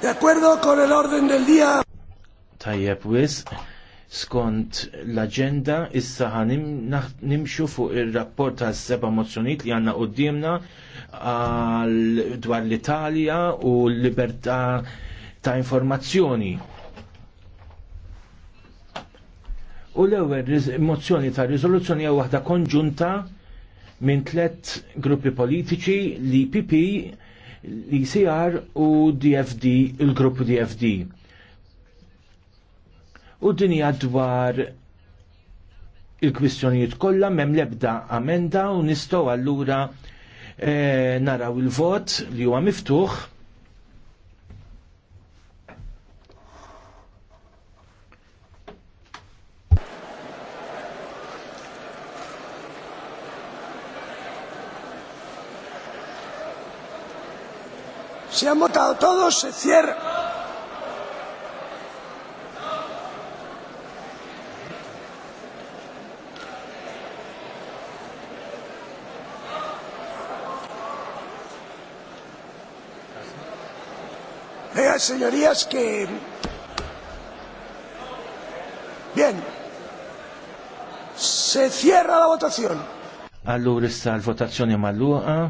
De acuerdo con el orden del día. Tajjeb wis, skont l-agenda, issa ħanim nimxu fuq il-rapport ta' seba mozzjoniet li għanna qoddimna dimna dwar l-Italja u l-libertà ta' informazzjoni. U l-ewwel mozzjoni ta' riżoluzzjoni għu waħda konġunta minn tliet gruppi politiċi li PP l-ICR e u DFD, il-grupp DFD. U dinja dwar il-kwistjonijiet kollha m'hemm l-ebda amenda u nistgħu allura e, naraw il-vot li huwa miftuħ. Se han votado todos, se cierra. Vean, señorías, que... Bien. Se cierra la votación. Allura issa l-votazzjoni malluqa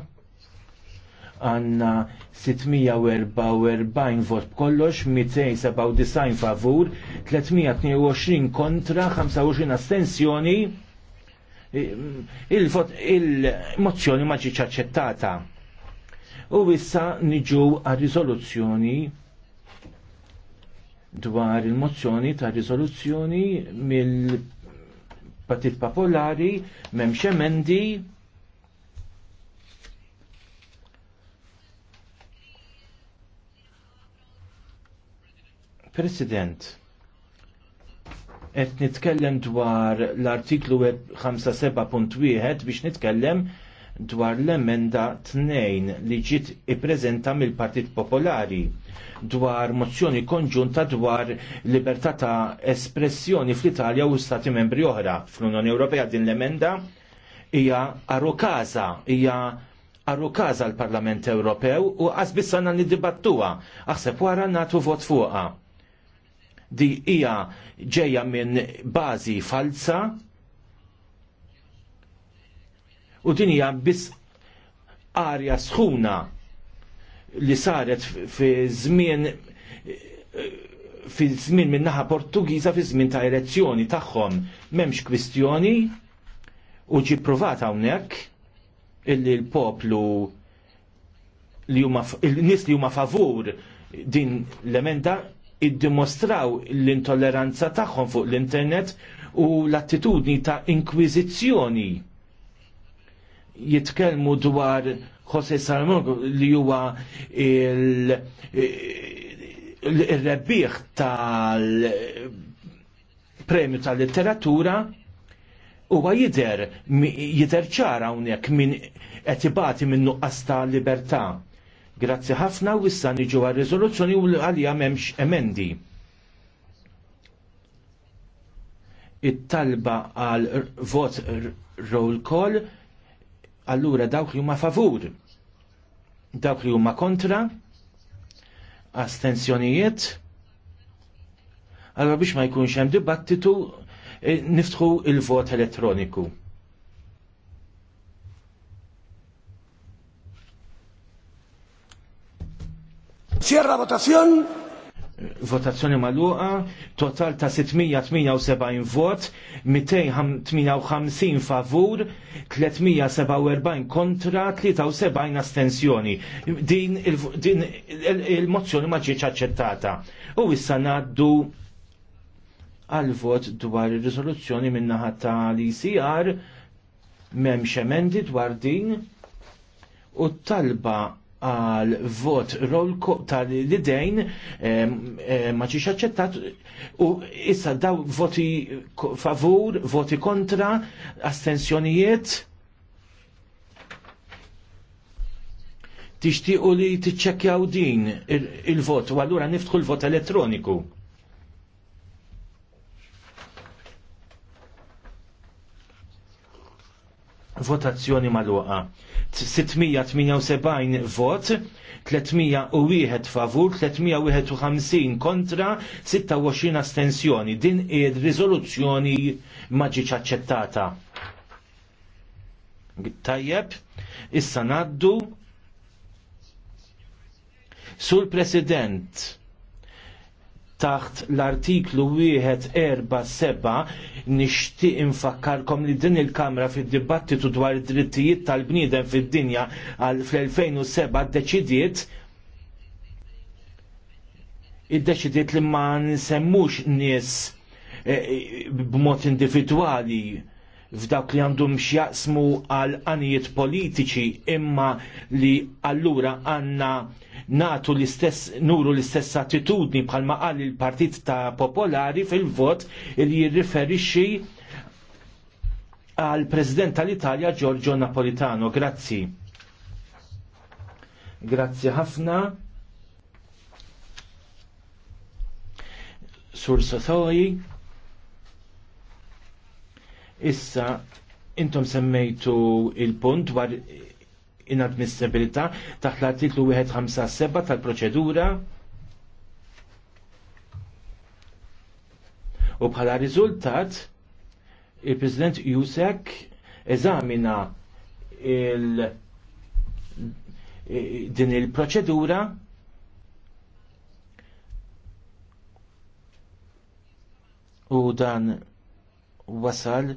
għanna 644 vot kollox, 297 favur, 322 kontra, 25 astensjoni. Il-mozzjoni il ma ġietx aċċettata. U issa niġu għal riżoluzzjoni dwar il-mozzjoni ta' riżoluzzjoni mill-Partit Popolari, memx emendi, President, qed nitkellem dwar l-artiklu 57.1 biex nitkellem dwar l-emenda 2 li ġiet ippreżenta mill-Partit Popolari dwar mozzjoni konġunta dwar libertà ta' espressjoni fl-Italja u stati membri oħra fl-Unjoni Ewropea din l-emenda hija arrokaza, hija arrokaza l-Parlament Ewropew u qasbis sanna niddibattuha, aħseb wara nagħtu vot fuqha di hija ġejja minn bażi falsa u din hija biss arja sħuna li saret fi żmien fi żmien minn naħa Portugiża fi żmien ta' elezzjoni tagħhom m'hemmx kwistjoni u ġi provat hawnhekk illi l-poplu li huma il-nies li huma favur din l-emenda iddimostraw l-intolleranza tagħhom fuq l-internet u l-attitudni ta' inkwizizjoni Jitkellmu dwar Jose Salmon li huwa il-rebbieħ tal-premju tal-litteratura huwa jidher jidher ċara hawnhekk minn qed ibati minn nuqqas ta' libertà Grazzi ħafna u issa niġu għal riżoluzzjoni u għalija memx emendi. It-talba għal vot roll call allura dawk li huma favur, dawk li huma kontra, astensjonijiet, allora biex ma jkunx hemm dibattitu eh, niftħu il-vot elettroniku. Cierra votazzjon. Votazzjoni maluqa, total ta' 678 vot, 258 favur, 347 kontra, 73 astensjoni. Din il-mozzjoni ma ġietx aċċettata. U issa ngħaddu għal vot dwar ir-riżoluzzjoni min-naħa tal-ICR m'hemmx emendi dwar din u talba għal vot roll tal-idejn ma ċiċ aċċettat u issa daw voti favur, voti kontra, astensjonijiet. u li tiċċekjaw din il-vot u allura niftħu l-vot elettroniku. Votazzjoni mal-waqa. 678 vot, 301 favur, 351 kontra, 26 astensjoni. Din ir-riżoluzzjoni ma ġietx aċċettata. Tajjeb, issa naddu sul-President taħt l-artiklu 147 nixtieq infakkarkom li din il-Kamra fid-dibattitu dwar id-drittijiet tal-bniedem fid-dinja għal fl-2007 deċidiet id-deċidiet li ma nsemmux nies eh, b'mod individwali f'dawk li għandhom xjaqsmu għal anijiet politiċi imma li allura għanna natu l-istess nuru l-istess attitudni bħalma qal il-Partit ta' Popolari fil-vot li jirriferixxi għal President tal-Italja Giorgio Napolitano. Grazzi. Grazzi ħafna. Sur Sotoji. Issa, intom semmejtu il-punt dwar inadmissibilità taħt l-artiklu 157 tal-proċedura u bħala riżultat il-President Jusek eżamina il din il-proċedura u dan wasal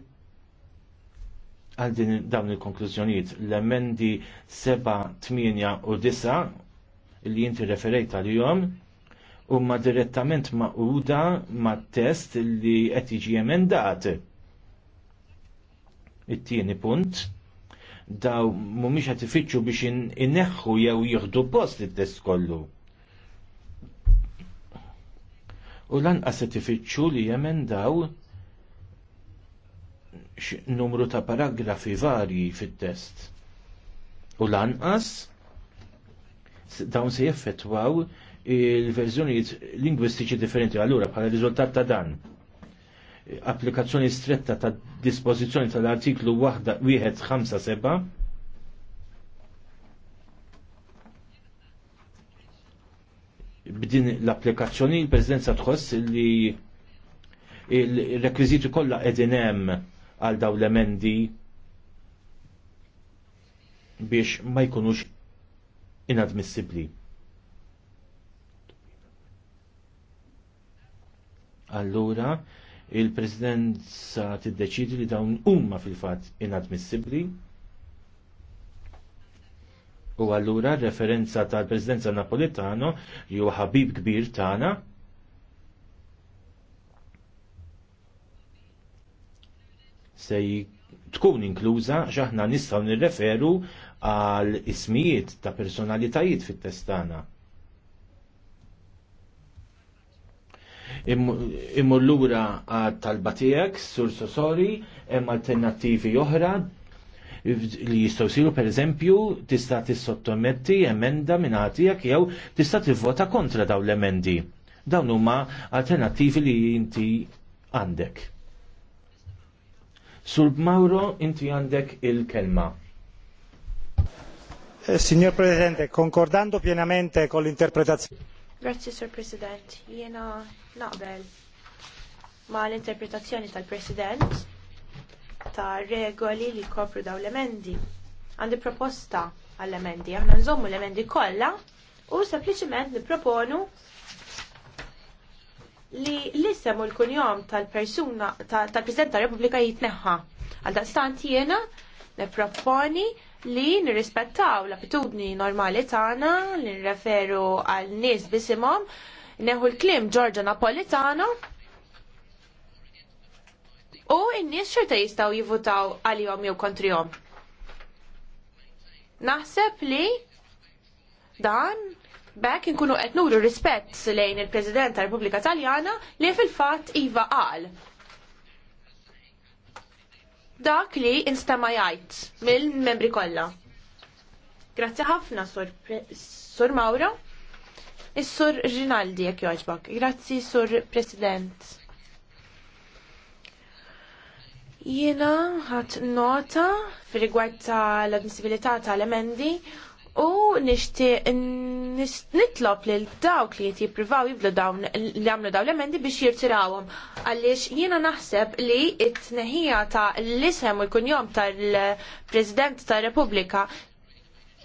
għal din dawn il-konklużjonijiet l-emendi 7, 8 u 9 li jinti referejt li jom huma direttament uda mat test li qed jiġi emendat. It-tieni punt daw mhumiex qed fitxu biex inneħħu jew jieħdu post it-test kollu. U lanqas qed ifittxu li jemendaw daw numru ta' paragrafi varji fit-test. U lanqas dawn se jeffettwaw il-verżjonijiet lingwistiċi differenti allura bħala riżultat ta' dan applikazzjoni stretta ta' dispożizzjoni tal-artiklu 157 b'din l-applikazzjoni il-Presidenza tħoss li il-rekwiżiti kollha qegħdin hemm għal daw l-emendi biex ma jkunux inadmissibli. Allura, il-presidenza tiddeċidi li dawn umma fil-fat inadmissibli u allura referenza tal-presidenza napolitano li huwa ħabib kbir tagħna se tkun inkluża xaħna nistgħu nirreferu għal ismijiet ta' personalitajiet fit-testana. Immur lura talba tiegħek, sur sosori, hemm alternattivi oħra li jistgħu siru pereżempju tista' tissottometti emenda minn għatijak jew tista' tivvota kontra dawn l-emendi. Dawn huma alternattivi li inti għandek. Sul Mauro, inti għandek il-kelma. Eh, signor Presidente, concordando pienamente con l'interpretazione. Grazie, Sir President. Jena naqbel ma l-interpretazzjoni tal-President ta' regoli li kopru daw l-emendi. Għandi proposta għall-emendi. Aħna nżommu l-emendi kollha u sempliċement niproponu li l-isem u l-kunjom tal-persuna tal-President tal-Repubblika jitneħħa. Għal daqstant jena neproponi li nirrispettaw l-abitudni normali tagħna li nirreferu għal nies bisimom, neħu l-klim Giorgia Napolitano u n-nies xorta jistgħu jivutaw għalihom jew kontrihom. Naħseb li dan Bek inkunu qed nuru rispett lejn il-President ta' Repubblika Taljana li fil-fatt iva qal. Dak li instama jgħid mill-membri kollha. Grazzi ħafna sur, sur Mauro. Is-sur Rinaldi jekk jogħġbok. Grazzi sur President. Jiena ħadd nota fir rigward tal-admissibilità tal-emendi U nishtiq li lil dawk li jiti jiprivaw jiblu dawn li għamlu dawn l-emendi biex jirtirawhom. Għaliex jiena naħseb li it neħija ta' l-isem u l-kunjom tal-President ta' Repubblika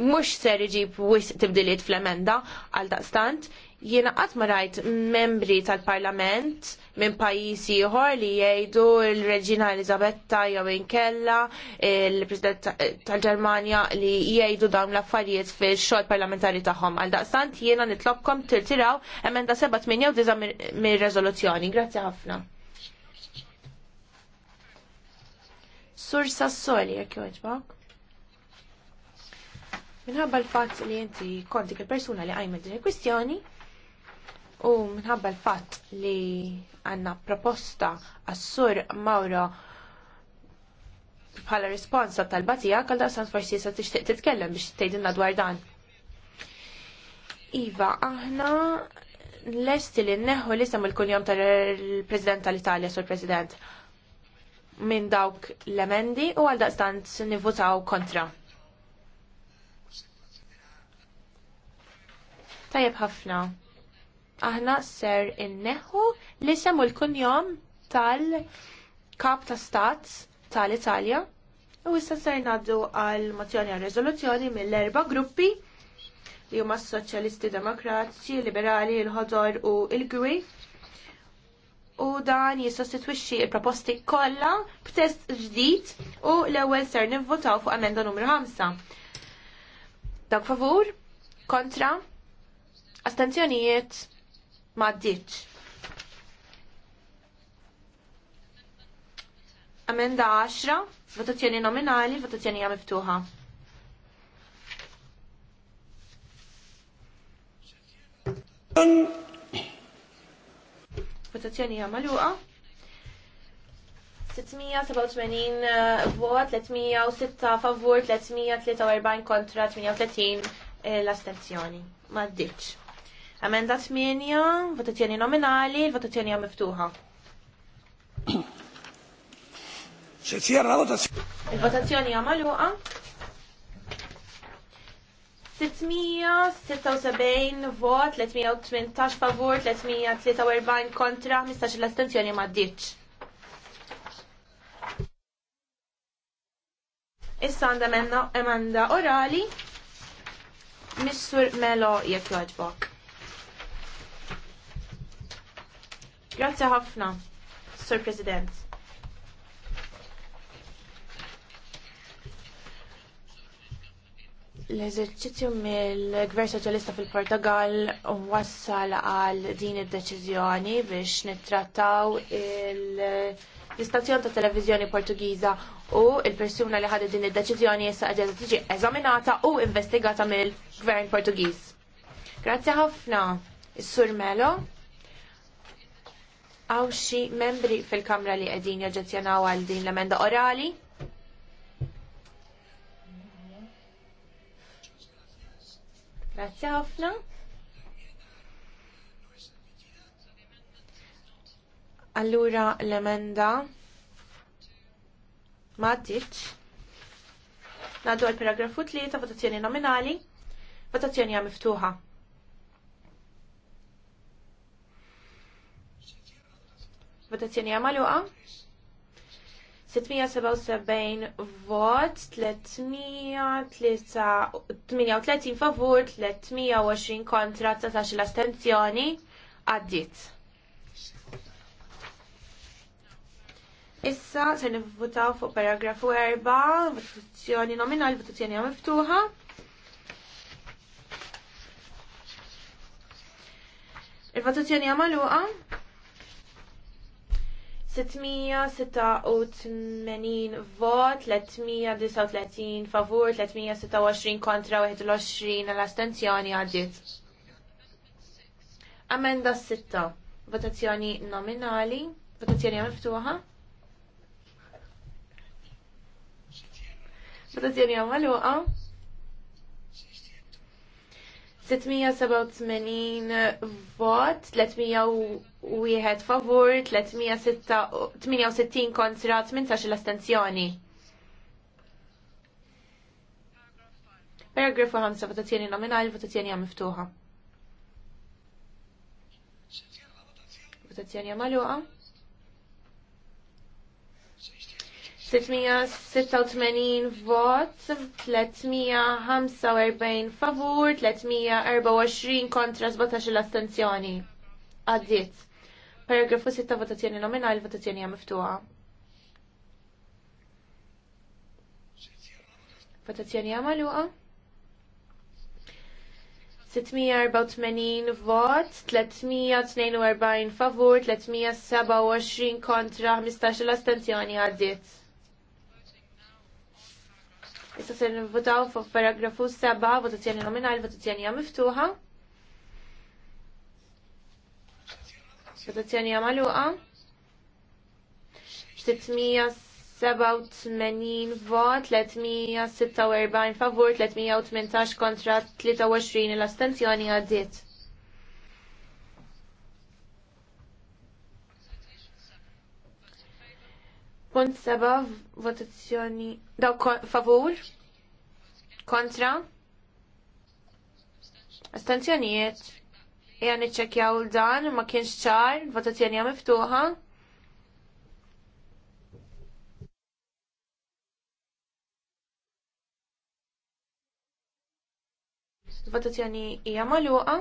mhux ser iġib wis tibdiliet fl-emenda għal daqstant Jiena qatt ma rajt membri tal-Parlament minn pajjiżi ieħor li jgħidu l-Reġina Elizabetta jew inkella il-President tal-Ġermanja li jgħidu dawn l-affarijiet fil xogħol parlamentari tagħhom. Għal daqstant jiena nitlobkom tirtiraw emenda seba' 8 jew diża' mir-reżoluzzjoni. Grazzi ħafna. Sur Sassoli, jekk joġbok. Minħabba l-fatt li inti konti kil persuna li għajmet din il-kwistjoni, U minħabba l-fatt li għanna proposta għas-sur Mauro bħala risponsa tal-batija għal daqsan forsi jisa tixtieq titkellem biex t-tejdinna dwar dan. Iva, aħna lesti li neħu li isem il-kuljom tal-President tal-Italja, sur President, minn dawk l-emendi u għal daqstant nivutaw kontra. Tajab ħafna aħna ser inneħu li semmu l-kunjom tal-kap ta' stat tal-Italja. U issa ser naddu għal mozzjoni għal rezoluzzjoni mill-erba gruppi li huma s-Soċjalisti Demokratiċi, Liberali, il-Ħodor u il-Gwi. U dan jissostitwixxi il-proposti kollha b'test ġdid u l-ewwel ser nivvotaw fuq emenda numru 5. Dak favur? Kontra? Astenzjonijiet? ma ddiċ. Amenda 10, votazzjoni nominali, votazzjoni hija miftuħa. Votazzjoni hija magħluqa. 687 eh, vot, 306 favur, 343 kontra, 38 eh, l-astenzjoni. Ma ddiċ. Amenda 8, votazzjoni nominali, votazzjoni miftuħa. Se cierra la votazzjoni. Il-votazzjoni hija magħluqa. 676 vot, 318 favur, 343 kontra, mistax l-astenzjoni ma' ditx. Issa għandha emenda orali, Missur Melo jekk jogħġbok. Grazie ħafna, Sir President. L-eżerċizzju mill-Gvern Soċjalista fil-Portugal wassal għal din id-deċiżjoni biex nittrattaw l-istazzjon ta' televiżjoni Portugiża u il-persuna li ħadet din id-deċiżjoni issa qiegħda tiġi eżaminata u investigata mill-Gvern Portugiż. Grazzi ħafna, is-Sur Melo. Għaw xi membri fil-Kamra li qegħdin jaġġezzjonaw għal din l-emenda orali? Grazzi ħafna. Allura l-emenda ma tiċ. Nadu għal paragrafu 3 votazzjoni nominali, votazzjoni miftuħa. votazzjoni għamaluqa. 677 vot, 338 favur, 320 kontra, 19 l-astenzjoni, għaddit. Issa se nivvutaw fuq paragrafu 4, votazzjoni nominal votazzjoni miftuħa. Il-votazzjoni għamaluqa. 686 vot, 339 favur, 326 kontra, 21 l-astenzjoni għaddit. Amenda 6. Votazzjoni nominali. Votazzjoni miftuħa. Votazzjoni għamaluqa. 687 vot, 300 wieħed favur 368 kontra 18 l-astenzjoni. Paragrafu 5, votazzjoni nominali, votazzjoni għam miftuħa. Votazzjoni għam għaluqa. 686 vot, 345 favur, 324 kontra 17 l-astenzjoni. Għaddit. Paragrafu 6 votazzjoni nominali, votazzjoni hija miftuħa. Votazzjoni hija magħluqa. 684 vot, 342 favur, 327 kontra, 15 l-astenzjoni għaddit. Issa se nivvotaw fuq paragrafu 7, votazzjoni nominali, votazzjoni hija miftuħa. Votazzjoni għaluqa. 687 vot, 346 favur, 318 kontra, 23 l-astenzjoni għaddit. Punt 7 votazzjoni, daw favur, kontra, astenzjonijiet. Eja iċċekjaw l-dan, ma kienx ċar, votazzjoni miftuħa. Votazzjoni hija magħluqa.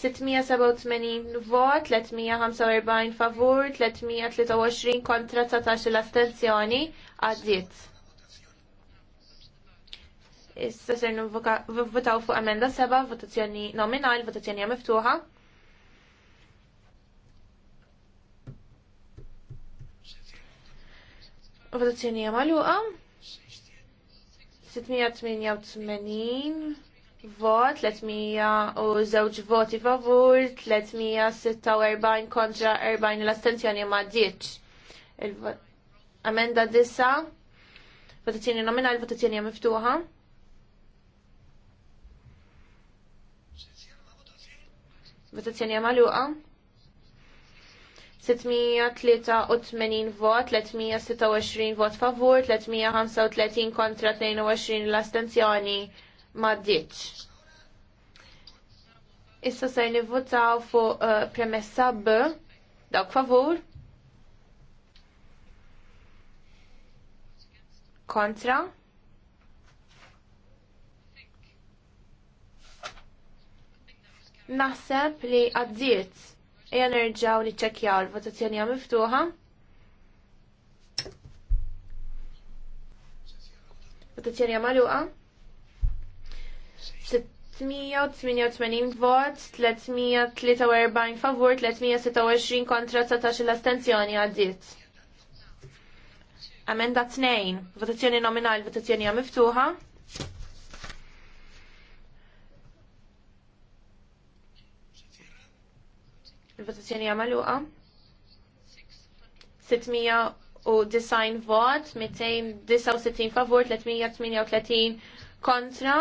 687 vot, 345 favur, 323 kontra 19 l-astenzjoni, għaddiet. Issa ser votaw fuq emenda seba, votazzjoni nominal, votazzjoni miftuħa. Votazzjoni għaluqa. 688 vot, 302 voti favur, 346 kontra 40 l-astenzjoni ma' 10. Amenda disa, votazzjoni nominal votazzjoni miftuħa. Votazzjoni għamaluqa. 683 vot, 326 vot favur, 335 kontra 22 l-astenzjoni maddiċ. Issa se nivvotaw fuq uh, premessa B, dawk favur. Kontra. Naħseb li għaddiet jenerġaw li ċekjaw l votazzjoni hija miftuħa. Votazzjoni hija magħluqa. 688 vot, 343 favur, 326 kontra 16 l-astenzjoni għaddiet. Amenda 2, votazzjoni nominal votazzjoni hija miftuħa. il-votazzjoni għamaluqa. 690 vot, 269 favur, 338 kontra,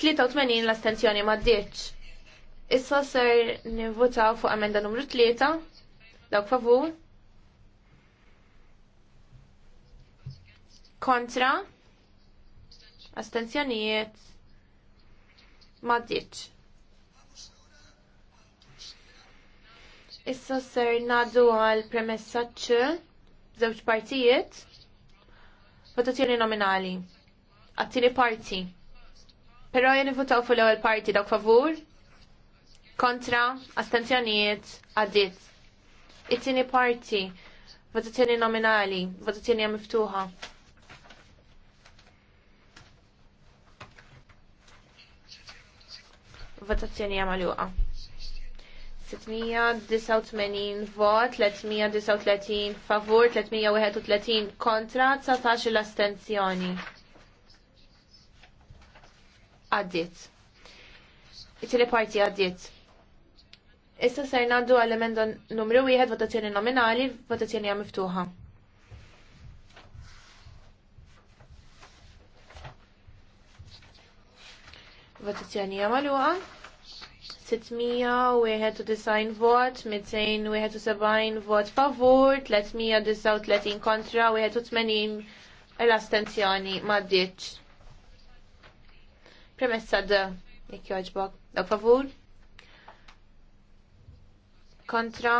83 l-astenzjoni ma ddiċ. Issa ser nivvotaw fuq amenda numru 3, dawk favur. Kontra, astenzjonijiet ma ddiċ. Issa ser nadu għal premessa ċ żewġ partijiet votazzjoni nominali. Għattini parti. Pero jeni votaw fuq l-ewwel parti dawk favur, kontra, astenzjonijiet, għaddit. It-tieni parti, votazzjoni nominali, votazzjoni miftuħa. Votazzjoni għamaluqa. 689 vot, 339 favur, 331 kontra, 19 l-astenzjoni. Għaddit. it tieni parti għaddit. Issa ser naddu għall-emenda numru 1 votazzjoni nominali, votazzjoni għam miftuħa. Votazzjoni għam għaluqa. 691 vot, 270 vot favur, 339 kontra, 180 l-astenzjoni maddiċ. Premessa d, jek joġbok, da favur, kontra,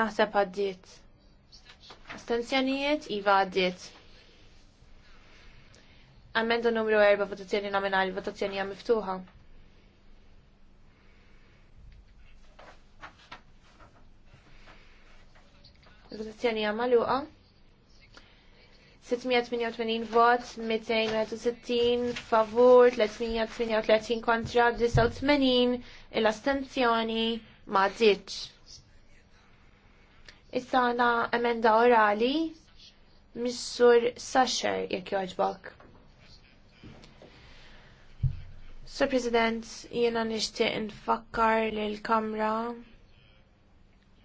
naħseb għaddiet. Astenzjonijiet, iva għaddiet. Amenda numru 4, votazzjoni nominali, votazzjoni għam miftuħa. Votazzjoni hija magħluqa. 688 vot, 261 favur, 338 kontra, 89 il-astenzjoni ma' ditx. Issa għana emenda orali, Missur Sasher, jekk joġbok. Sir President, jiena nixtieq nfakkar lill kamra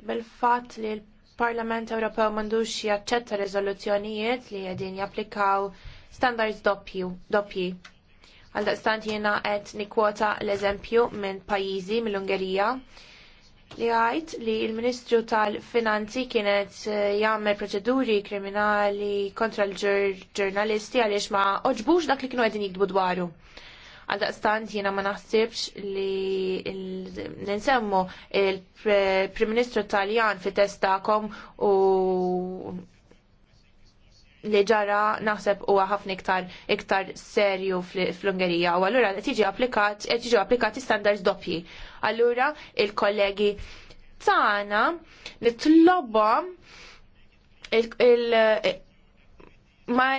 bil-fatt li l-Parlament Ewropew m'għandux jaċċetta riżoluzzjonijiet li qegħdin japplikaw standards doppji. Għaldaqstant jiena qed nikkwota l-eżempju minn pajjiżi mill-Ungerija li għajt li il-Ministru tal-Finanzi kienet eh, jagħmel proċeduri kriminali kontra l-ġurnalisti għaliex ma oġbux dak li kienu qegħdin jikbu dwaru. Għaldaqstant jiena ma naħsibx li ninsemmu il-Prim Ministru Taljan fi testakom u li ġara naħseb huwa ħafna iktar iktar serju fl-Ungerija u allura tiġi applikat tiġi applikati standards doppji. Allura il-kollegi tagħna nitlobhom il, il ma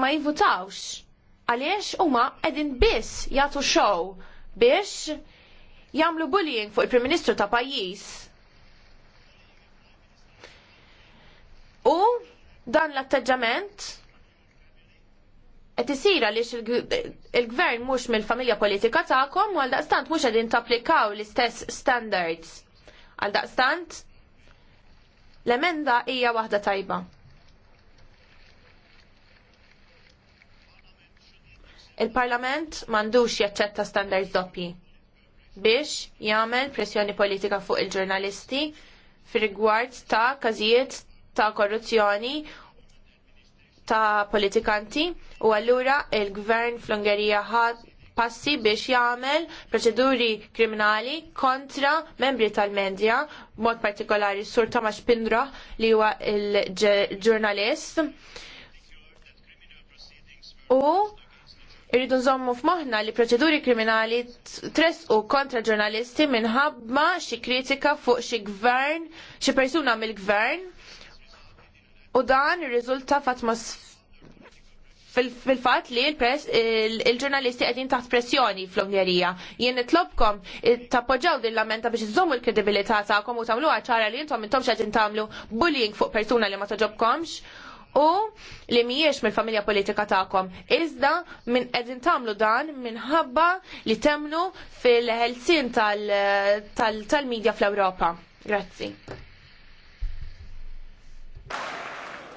ma jivutawx għaliex huma qegħdin biss jagħtu show biex jagħmlu bullying fuq il-Prim Ministru ta' pajjiż. U dan l-atteġġament qed isir għaliex il-gvern mhux mill-familja politika tagħkom u għaldaqstant mhux qegħdin tapplikaw l-istess standards. Għaldaqstant l-emenda hija waħda tajba. il-Parlament mandux jaċċetta standards doppi biex jagħmel pressjoni politika fuq il-ġurnalisti fir-rigward ta' każijiet ta' korruzzjoni ta' politikanti u allura il-gvern fl-Ungerija ħad passi biex jagħmel proċeduri kriminali kontra membri tal-medja, mod partikolari Sur Thomas Pindra li huwa il-ġurnalist. U Irridu nżommu f'moħħna li proċeduri kriminali u kontra ġurnalisti minħabba xi kritika fuq xi gvern, xi persuna mill-gvern u dan irriżulta f'atmos fil-fat li il-ġurnalisti għedin taħt pressjoni fl-Ungerija. Jien nitlobkom tappoġġaw din lamenta biex iżommu l-kredibilità tagħkom u tagħmlu ċara li intom intom x'qed tagħmlu bullying fuq persuna li ma toġobkomx u li mhijiex mill-familja politika tagħkom. Iżda minn edin tagħmlu dan minħabba li temnu fil-ħelsin tal-medja fl-Ewropa. Grazzi.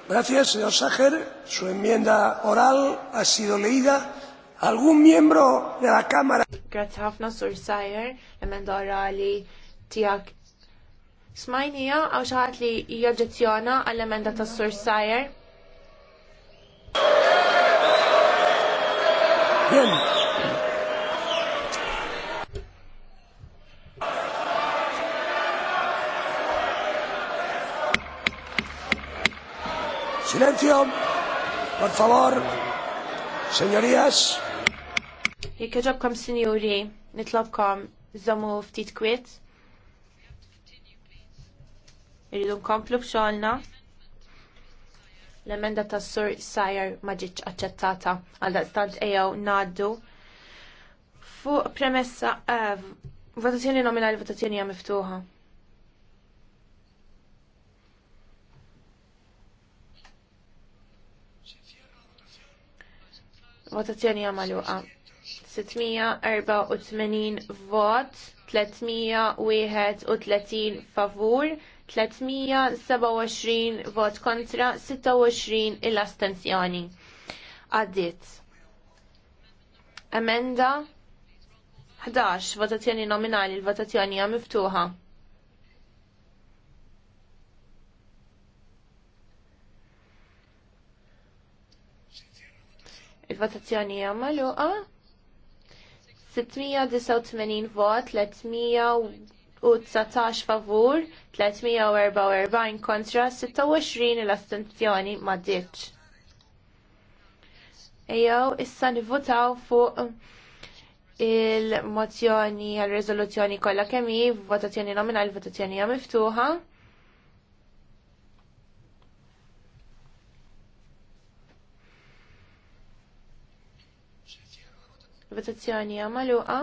Gracias, señor Sacher. Su enmienda oral ha sido leída. ¿Algún miembro de la Cámara? Grazie ħafna, Sur Sacher. Emenda orali tijak. Smajnija, għaw xaħat li jieġezzjona għall-emenda ta' Sur Sajer. Silencio, por favor, señorías. Y que Jekk ġobkom sinjuri, nitlobkom żommu ftit kwiet. Irridu nkomplu b'xogħolna. L-emenda ta' sur Sajer ma ġietx aċċettata għal daqstant ejjew ngħaddu. Fuq premessa eh, votazzjoni nominali votazzjoni hija miftuħa. votazzjoni għamaluqa. 684 vot, 331 favur, 327 vot kontra 26 il-astenzjoni. Għaddit. Emenda 11 votazzjoni nominali, il-votazzjoni hija miftuħa. il-votazzjoni hija 689 vot, u 19 favur, 344 kontra, 26 l-astenzjoni ma ditx. Ejjew issa nivvotaw fuq il-mozzjoni għal rezoluzzjoni kollha kemm hi votazzjoni nominali votazzjoni hija miftuħa. Votazzjoni hija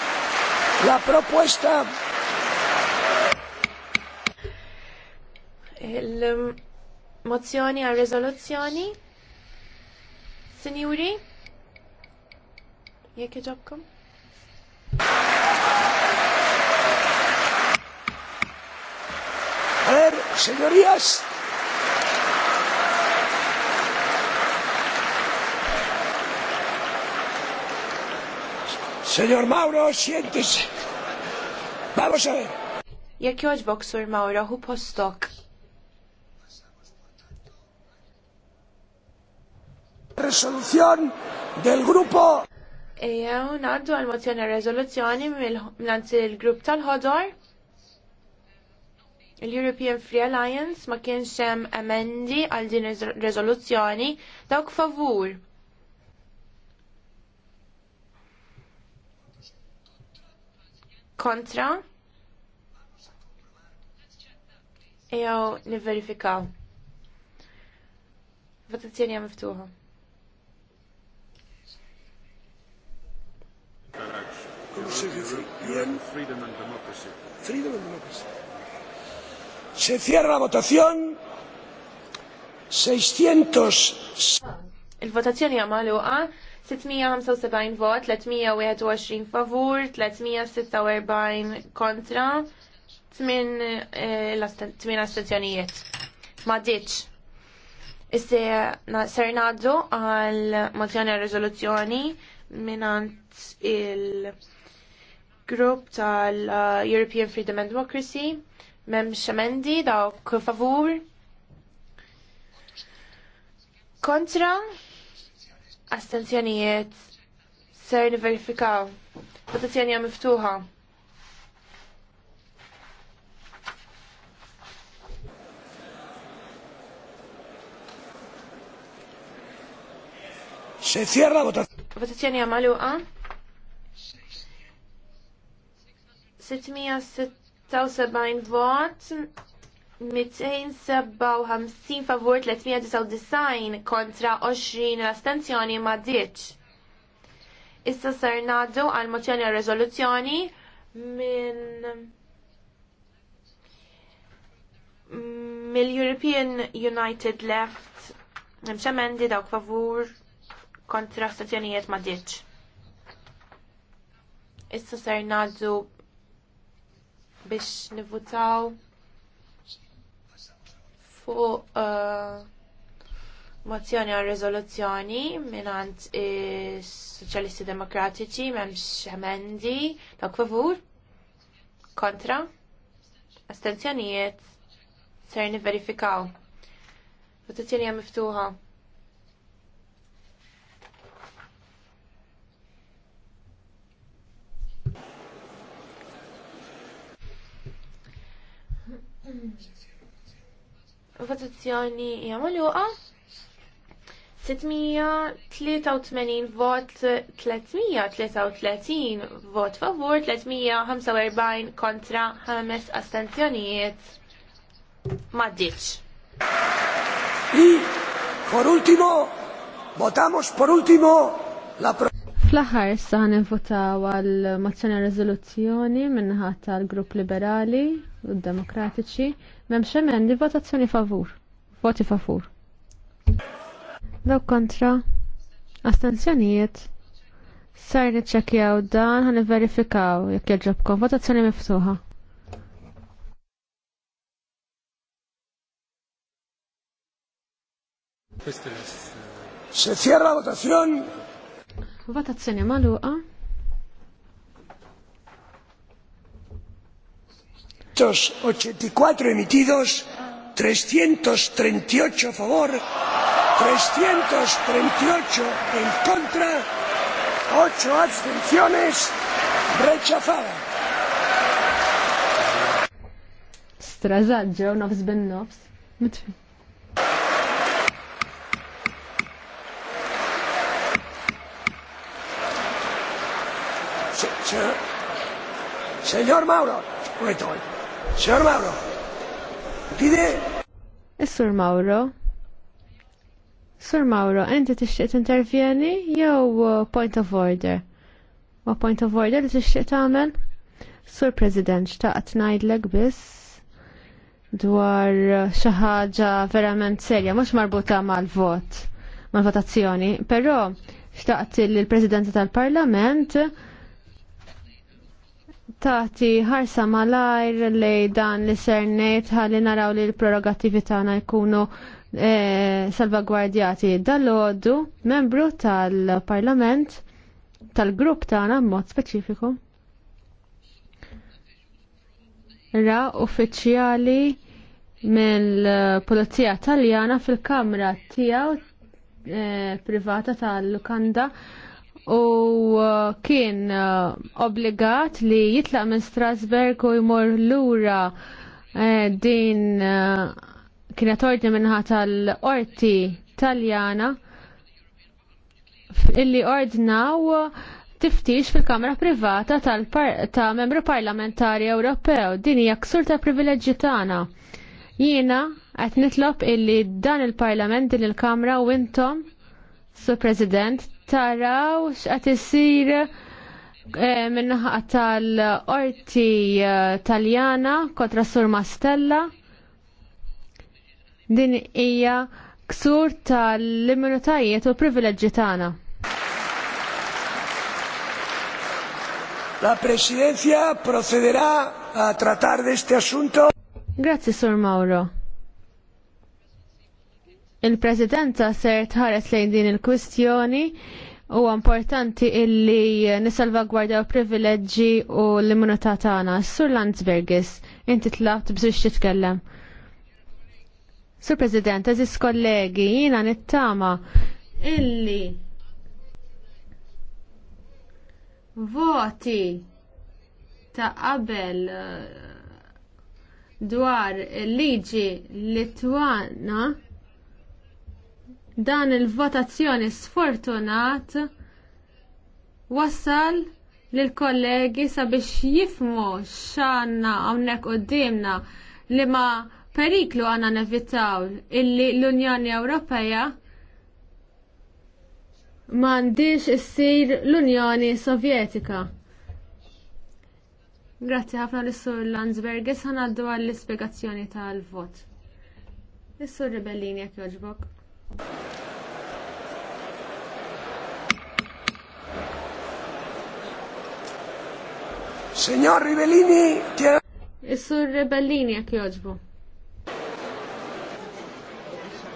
La proposta. Il-mozzjoni għal rezoluzzjoni. Signori, jekk iġobkom? A ver, señorías. Senjor Mauro, sientisi. Vamos a ver. Jekk joġbok, Sur Mauro, hu postok. Resolución del gruppo. Ejja, naddu għal mozzjoni rezoluzzjoni mill-anzi l-grupp tal-ħodor. Il-European Free Alliance ma kienx hemm emendi għal din is-riżoluzzjoni dawk favur. kontra jew niverifikaw. Votazzjoni hemm miftuħa. Freedom and democracy. Se cierra votación. 600. Il-votazzjoni għam għaluqa. 675 vot, 321 favur, 346 kontra, 8 eh, astenzjonijiet. Ma ditx. Isse ser naddu għal mozzjoni rezoluzzjoni minant il-grupp tal-European Freedom and Democracy. Mem xamendi dawk favur. Kontra, astenzjonijiet ser niverifikaw. Votazzjoni hija miftuħa. Se cierra votazzjoni. Votazzjoni hija magħluqa. 676 vot 257 favur 399 kontra 20 l-astenzjoni ma ditx. Issa sar naddu għal mozzjoni għal rezoluzzjoni minn mill-European United Left nemxamendi dawk favur kontra stazzjonijiet ma ditx. Issa sar naddu biex nivutaw fuq uh, mozzjoni għal rezoluzzjoni minnant il-Soċjalisti Demokratiċi memx emendi dak favur kontra astenzjonijiet ser niverifikaw. Votazzjoni hija miftuħa. Mm-hmm. votazzjoni hija magħluqa. 683 vot, 333 vot favur, 345 kontra 5 astenzjonijiet maddiċ. Y, por último, votamos por último la Fl-aħħar sa nivvotaw għal mozzjoni riżoluzzjoni minnaħa tal-Grupp Liberali u Demokratiċi m'hemmx emendi votazzjoni favur. Voti favur. Dawk kontra astenzjonijiet sar niċċekkjaw dan ħan verifikaw jekk jaġobkom votazzjoni miftuħa. Se cierra votazzjoni. Votazzjoni maluqa. Estos 84 emitidos, 338 a favor, 338 en contra, 8 abstenciones, rechazada. Strazad, nofs bin nofs. Mitfin. Signor Mauro, retoj. Signor Mauro, pide. Is-Sur eh, Mauro. Sur Mauro, enti tixtieq intervjeni jew uh, point of order? Ma point of order li tixtieq tagħmel? Sur President, xtaqt ngħidlek biss dwar uh, xi ħaġa verament serja, mhux marbuta mal-vot, mal-votazzjoni, però xtaqt li l-Presidenza tal-Parlament tagħti ħarsa malajr li dan li ser ħalli naraw li l prerogativi tagħna jkunu eh, salvagwardjati dal-ħoddu membru tal-parlament tal-grupp tagħna mod speċifiku. Ra uffiċjali mill-Pulizija Taljana fil-kamra tiegħu eh, privata tal-Lukanda u uh, kien uh, obbligat li jitlaq minn Strasberg u jmur lura eh, din uh, kienet ordni minnħa tal-orti taljana illi ordnaw tiftix fil-kamra privata ta' membru parlamentari Ewropew. Din hija ksur ta' privileġġi tagħna. Jiena qed nitlob illi dan il-Parlament din il-Kamra u intom, Sur President, taraw x'qed isir eh, minnaħa tal-orti eh, taljana kontra Sur Mastella. Din hija ksur tal-immunitajiet u privileġġi tagħna. La presidencia procederà a tratar de este asunto. Grazie, Sur Mauro. Il-Presidenza ser tħares lejn din il-kwistjoni u importanti illi nisalvagwardja u privileġġi u l-immunità tagħna. Sur Landsbergis, inti tlaqt bżux titkellem. Sur President, eżis kollegi, jina nittama illi voti ta' qabel eh, dwar il liġi Litwana Dan il-votazzjoni sfortunat wassal lil kollegi sabiex jifmu x'għandna hawnhekk dimna li ma periklu għandna nevitaw illi l-Unjoni Ewropea m'għandix issir l-Unjoni Sovjetika. Grazzi ħafna l-Sur Landsbergis ħanaddu għall-ispiegazzjoni tal-vot. Is-Sur Ribellini jekk jogħġbok. Signor Rivellini, ti... Is-sur Rebellini oggi joġbu.